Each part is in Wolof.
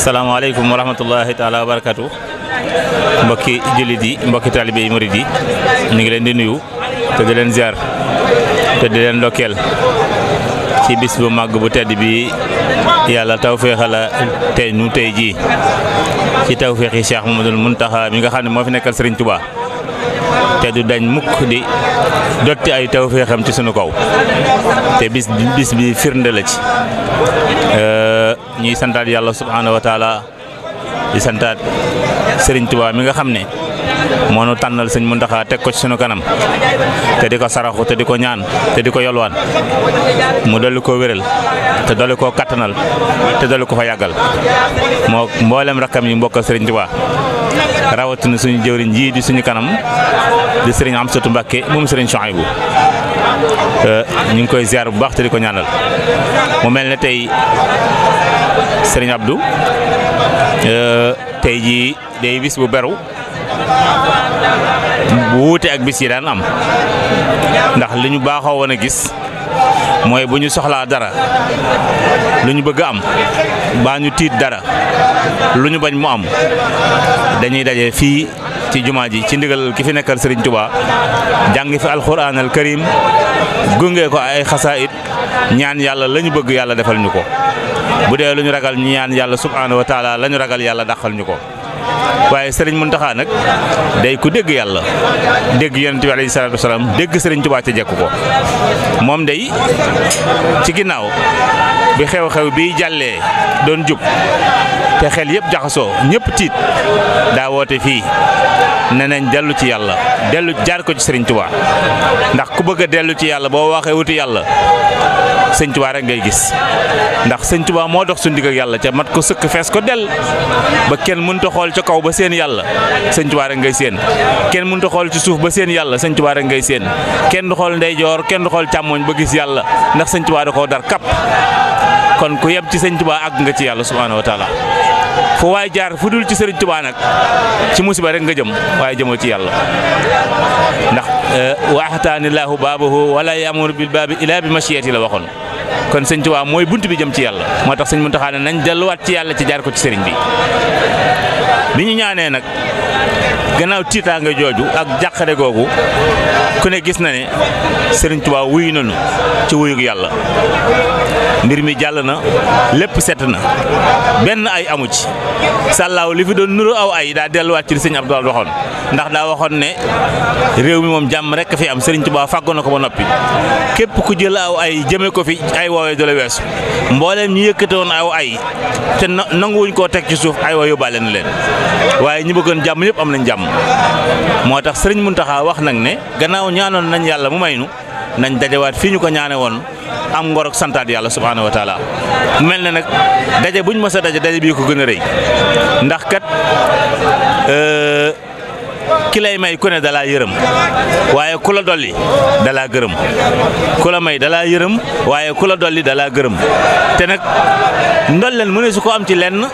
Assalamualaikum warahmatullahi taala wabarakatuh. barakatu mbokki jullit mbokki taalibe mouridi ni ngi len di nuyu te di len ziar te di len lokel ci bis bu mag bu tedd bi yalla tawféexala te nu tay ji ci tawféex muntaha, Cheikh mamadou muntaha mi nga xamne mo fi nekkal Serigne Touba te du dañ mukk di dotti ay tawféexam ci sunu kaw te bis bis bi firnde la ci. Euh, ñuy santaat yàlla subhaanahu wa taala di santaat Serigne mi nga xam ne moo nu tànnal sëñ Muntaxa teg ko ci sunu kanam te di ko saraxu te di ko ñaan te di ko yolwaan mu dolli koo wéral te dolli koo kattanal te dolli ko fa yàggal moo mboolem rakkam yi mbokkal Serigne Touba rawatina suñu jëwriñ ji di suñu kanam di Serigne Amsatu Mbàkke moom Serigne Chouaïbou Euh, ñu ngi koy ziar bu baax te di ko ñaanal mu mel ne tey Serigne Abdou euh, tey jii day bis bu beru bu wuute ak bis yi daan am ndax li ñu baaxoo woon a gis mooy bu ñu soxlaa dara lu ñu bëgg am baa ñu tiit dara lu ñu bañ mu am dañuy daje fii. ci jumaa ji ci ndigal ki fi nekkal Serigne Touba jàng fi alquran al karim gunge ko ay xasaayit ñaan yàlla lañu bëgg yàlla defal ñu ko bu dee lu ñu ragal ñu ñaan yàlla subhaanahu wa taala la ñu ragal yàlla dàqal ñu ko. waaye Serigne Mountakha nag day ku dégg yàlla dégg yonent bi alayhi salaatu wasalaam dégg Serigne Touba ca jekk ko moom day ci ginnaaw. bi xew-xew bi jalle don jub te xel yeb jaxaso ñepp tit da wote fi nenañ delu ci yalla delu jaar ko ci Serigne Touba ndax ku bëgg delu ci yalla bo waxe wuti yalla Serigne Touba rek ngay gis ndax Serigne Touba mo dox sun digal yalla ca mat ko sëkk fess ko del ba kenn mënut a xol ci kaw ba seen yalla Serigne Touba rek ngay seen kenn mënut a xol ci suuf ba seen yalla Serigne Touba rek ngay seen kenn xol ndey jor kenn xol xool ba gis yalla ndax Serigne Touba da ko dar kap kon ku yem ci sëñ Tuubaa àgg nga ci yàlla subhaanahu wa taala fu jaar fu dul ci sëriñ Tuubaa nag ci musiba rek nga jëm waaye jëmoo ci yàlla ndax eh, wa axtaanilaahu baabahu wala yamur bil baabi ilaa bi machiyati la waxoon kon sëñ Tuubaa mooy bunt bi jëm ci yàlla moo tax sëñ Muntaxaa ne nañ delluwaat ci yàlla ci jaar ko ci sëriñ bi bi ñaanee nag gannaaw tiitaanga jooju ak jàqare googu ku ne gis na ne Sëriñ Tuubaa wuyu nañu ci wuyug yàlla mbir mi jàll na lépp set na benn ay amu ci sàllaaw li fi doon nuru aw ay daa delluwaat ci li sëñ Abdoulaye waxoon ndax daa waxoon ne réew mi moom jàmm rekk fi am Sëriñ Tuubaa fàggoon na ko ba noppi képp ku jël aw ay jëme ko fi ay woowee du la weesu mbooleem ñu yëkkate woon aw ay te nanguwuñ koo teg ci suuf ay woo yóbbaale na leen waaye ñu bëggoon jàmm ñëpp am nañ jàmm xam moo tax sëriñ Muntaxa wax nag ne gannaaw ñaanoon nañ yàlla mu may nu nañ dajawaat fii ñu ko ñaane woon am ngor santaat yàlla subhaanahu wa taala mel na nag daje buñ mës a daje daje bii ko gën a rëy ndax kat euh, ki lay may ku ne dalaa yërëm waaye ku la dolli dalaa gërëm ku la may dalaa yërëm waaye ku la dolli dalaa gërëm te nag ndolleen mu ko am ci lenn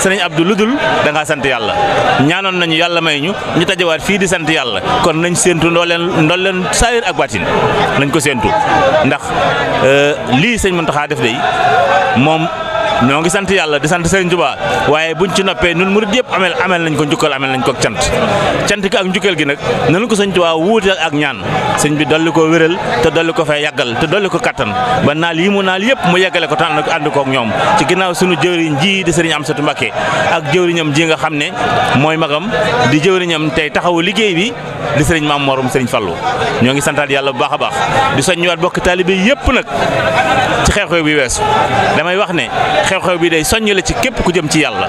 sa sëriñ Abdou lu da ngaa sant yàlla ñaanoon nañu yàlla may ñu ñu tajawaat fii di sant yàlla kon nañ séentu ndooleen ndooleen saayir ak baatin nañ ko séentu ndax euh, lii sëñ Muntaxa def day moom ñoo ngi sant yàlla di sant Serigne Touba waaye buñ ci noppee ñun murid yëpp amel amel nañ ko njukkal amel nañ ko cant cant gi ak njukkal gi nag nanu ko Serigne Touba wuute ak ñaan sëñ bi dolli ko wéral te dolli ko fay yàggal te dolli ko kattan ba naal yi mu naal yëpp mu yeggale ko tan ànd kook ñoom ci ginnaaw suñu jëwriñ ji di Serigne Amsatou Mbacké ak jëwriñam ji nga xam ne mooy magam di jëwriñam tey taxawu liggéey bi di Serigne Maam Morom Serigne Fallou ñoo ngi santaat yàlla bu baax a baax di soññiwaat bokk taalibe yëpp nag ci xew-xew bi weesu damay xew-xew bi day soññ la ci képp ku jëm ci yàlla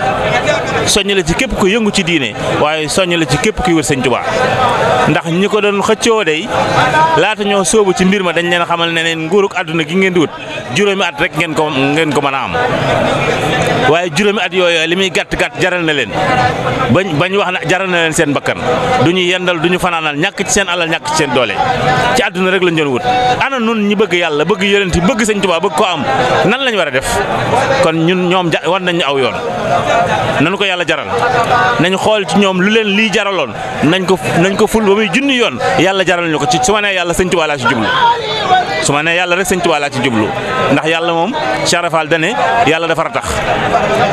soññ la ci képp ku yëngu ci diine waaye soññ la ci képp kuy wër sëñ Tuubaa ndax ñi ko doon xëccoo day laata ñoo sóobu ci mbir ma dañ leen xamal ne neen nguuruk àdduna gi ngeen di wut juróomi at rek ngeen ko ngeen ko mën a am waye juroomi at yoy li muy gatt gàtt jaral na len bañ bañ wax na jaral na len sen bakkan duñu yendal duñu fananal ñak ci sen alal ñak ci sen doole ci aduna rek lañ wut ana nun ñi bëgg yalla bëgg yëneenti bëgg señ tuba bëgg ko am nan lañ wara def kon ñun ñom war nañ aw yoon nañu ko yalla jaral nañ xol ci ñom lu len li jaralon nañ ko nañ ko ful ba muy yoon yalla jaral ñu ko ci suma ne yalla señ tuba la ci jublu suma ne yalla rek señ tuba la ci jublu ndax yalla mom sharafal dane yalla dafa tax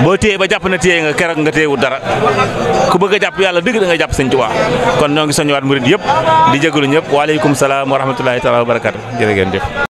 boo téye ba jàpp na téye nga keroog nga téyewul dara ku bëgg a jàpp yàlla dëgg da nga jàpp sëñ Tuubaa kon noo ngi soññiwaat murit yëpp di jégalu ñëpp waaleykum salaam wa rahmatullahi taala wa barakaatu jërë ngeen jëf